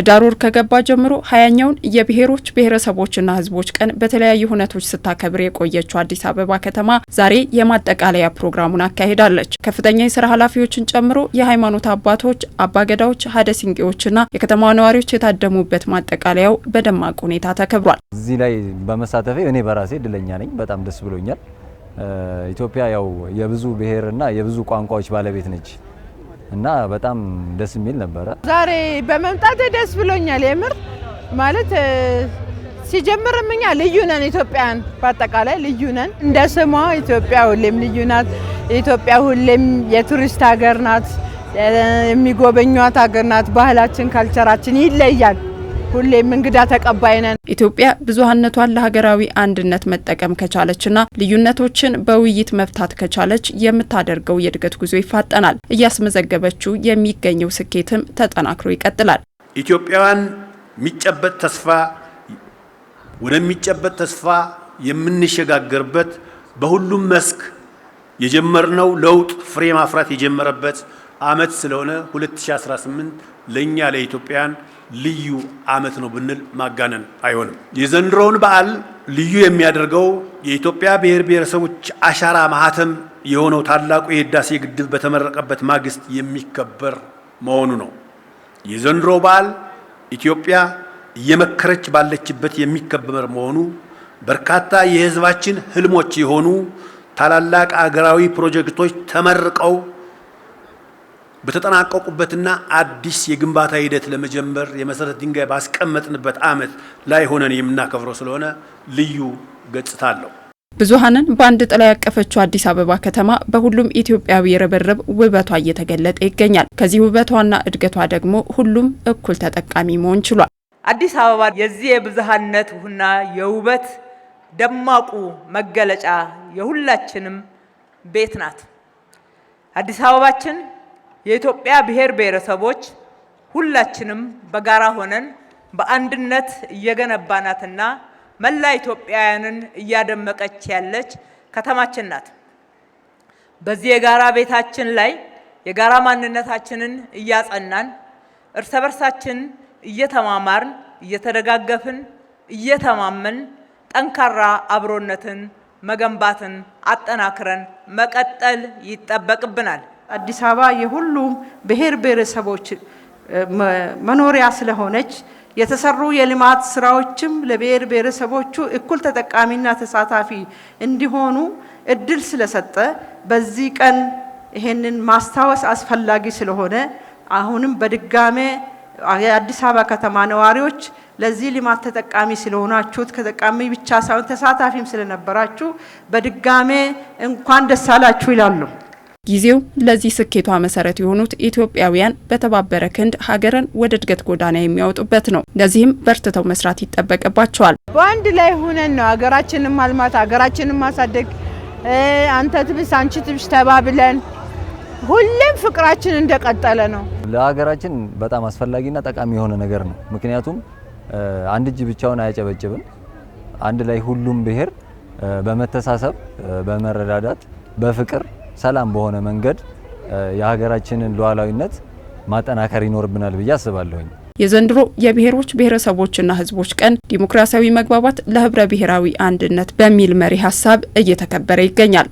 ህዳር ወር ከገባ ጀምሮ ሀያኛውን የብሔሮች ብሔረሰቦችና ህዝቦች ቀን በተለያዩ ሁነቶች ስታከብር የቆየችው አዲስ አበባ ከተማ ዛሬ የማጠቃለያ ፕሮግራሙን አካሂዳለች። ከፍተኛ የስራ ኃላፊዎችን ጨምሮ የሃይማኖት አባቶች፣ አባገዳዎች፣ ሀደ ሲንቄዎችና የከተማዋ ነዋሪዎች የታደሙበት ማጠቃለያው በደማቅ ሁኔታ ተከብሯል። እዚህ ላይ በመሳተፌ እኔ በራሴ እድለኛ ነኝ። በጣም ደስ ብሎኛል። ኢትዮጵያ ያው የብዙ ብሔርና የብዙ ቋንቋዎች ባለቤት ነች። እና በጣም ደስ የሚል ነበረ። ዛሬ በመምጣት ደስ ብሎኛል። የምር ማለት ሲጀምርም እኛ ልዩ ነን። ኢትዮጵያን በአጠቃላይ ልዩ ነን። እንደ ስሟ ኢትዮጵያ ሁሌም ልዩ ናት። ኢትዮጵያ ሁሌም የቱሪስት ሀገር ናት። የሚጎበኟት ሀገር ናት። ባህላችን፣ ካልቸራችን ይለያል። ሁሌም እንግዳ ተቀባይ ነን። ኢትዮጵያ ብዙሀነቷን ለሀገራዊ አንድነት መጠቀም ከቻለችና ልዩነቶችን በውይይት መፍታት ከቻለች የምታደርገው የእድገት ጉዞ ይፋጠናል። እያስመዘገበችው የሚገኘው ስኬትም ተጠናክሮ ይቀጥላል። ኢትዮጵያውያን የሚጨበጥ ተስፋ ወደሚጨበጥ ተስፋ የምንሸጋገርበት በሁሉም መስክ የጀመርነው ለውጥ ፍሬ ማፍራት የጀመረበት ዓመት ስለሆነ 2018 ለእኛ ለኢትዮጵያን ልዩ ዓመት ነው ብንል ማጋነን አይሆንም። የዘንድሮውን በዓል ልዩ የሚያደርገው የኢትዮጵያ ብሔር ብሔረሰቦች አሻራ ማህተም የሆነው ታላቁ የህዳሴ ግድብ በተመረቀበት ማግስት የሚከበር መሆኑ ነው። የዘንድሮ በዓል ኢትዮጵያ እየመከረች ባለችበት የሚከበር መሆኑ በርካታ የህዝባችን ህልሞች የሆኑ ታላላቅ አገራዊ ፕሮጀክቶች ተመርቀው በተጠናቀቁበትና አዲስ የግንባታ ሂደት ለመጀመር የመሰረት ድንጋይ ባስቀመጥንበት ዓመት ላይ ሆነን የምናከብረው ስለሆነ ልዩ ገጽታ አለው። ብዙሃንን በአንድ ጥላ ያቀፈችው አዲስ አበባ ከተማ በሁሉም ኢትዮጵያዊ ርብርብ ውበቷ እየተገለጠ ይገኛል። ከዚህ ውበቷና እድገቷ ደግሞ ሁሉም እኩል ተጠቃሚ መሆን ችሏል። አዲስ አበባ የዚህ የብዝሃነትና የውበት ደማቁ መገለጫ የሁላችንም ቤት ናት። አዲስ አበባችን የኢትዮጵያ ብሔር ብሔረሰቦች ሁላችንም በጋራ ሆነን በአንድነት እየገነባናትና መላ ኢትዮጵያውያንን እያደመቀች ያለች ከተማችን ናት። በዚህ የጋራ ቤታችን ላይ የጋራ ማንነታችንን እያጸናን እርስ በርሳችን እየተማማርን እየተደጋገፍን እየተማመን ጠንካራ አብሮነትን መገንባትን አጠናክረን መቀጠል ይጠበቅብናል። አዲስ አበባ የሁሉም ብሔር ብሔረሰቦች መኖሪያ ስለሆነች የተሰሩ የልማት ስራዎችም ለብሔር ብሔረሰቦቹ እኩል ተጠቃሚና ተሳታፊ እንዲሆኑ እድል ስለሰጠ በዚህ ቀን ይሄንን ማስታወስ አስፈላጊ ስለሆነ አሁንም በድጋሜ የአዲስ አበባ ከተማ ነዋሪዎች ለዚህ ልማት ተጠቃሚ ስለሆናችሁት ተጠቃሚ ብቻ ሳይሆን ተሳታፊም ስለነበራችሁ በድጋሜ እንኳን ደስ አላችሁ ይላሉ። ጊዜው ለዚህ ስኬቷ መሰረት የሆኑት ኢትዮጵያውያን በተባበረ ክንድ ሀገርን ወደ እድገት ጎዳና የሚያወጡበት ነው። ለዚህም በርትተው መስራት ይጠበቅባቸዋል። በአንድ ላይ ሆነን ነው ሀገራችንን ማልማት፣ ሀገራችንን ማሳደግ። አንተ ትብስ አንቺ ትብስ ተባብለን ሁሌም ፍቅራችን እንደቀጠለ ነው። ለሀገራችን በጣም አስፈላጊና ጠቃሚ የሆነ ነገር ነው። ምክንያቱም አንድ እጅ ብቻውን አያጨበጭብም። አንድ ላይ ሁሉም ብሔር በመተሳሰብ በመረዳዳት በፍቅር ሰላም በሆነ መንገድ የሀገራችንን ሉዓላዊነት ማጠናከር ይኖርብናል ብዬ አስባለሁኝ። የዘንድሮ የብሔሮች ብሔረሰቦችና ሕዝቦች ቀን ዲሞክራሲያዊ መግባባት ለህብረ ብሔራዊ አንድነት በሚል መሪ ሀሳብ እየተከበረ ይገኛል።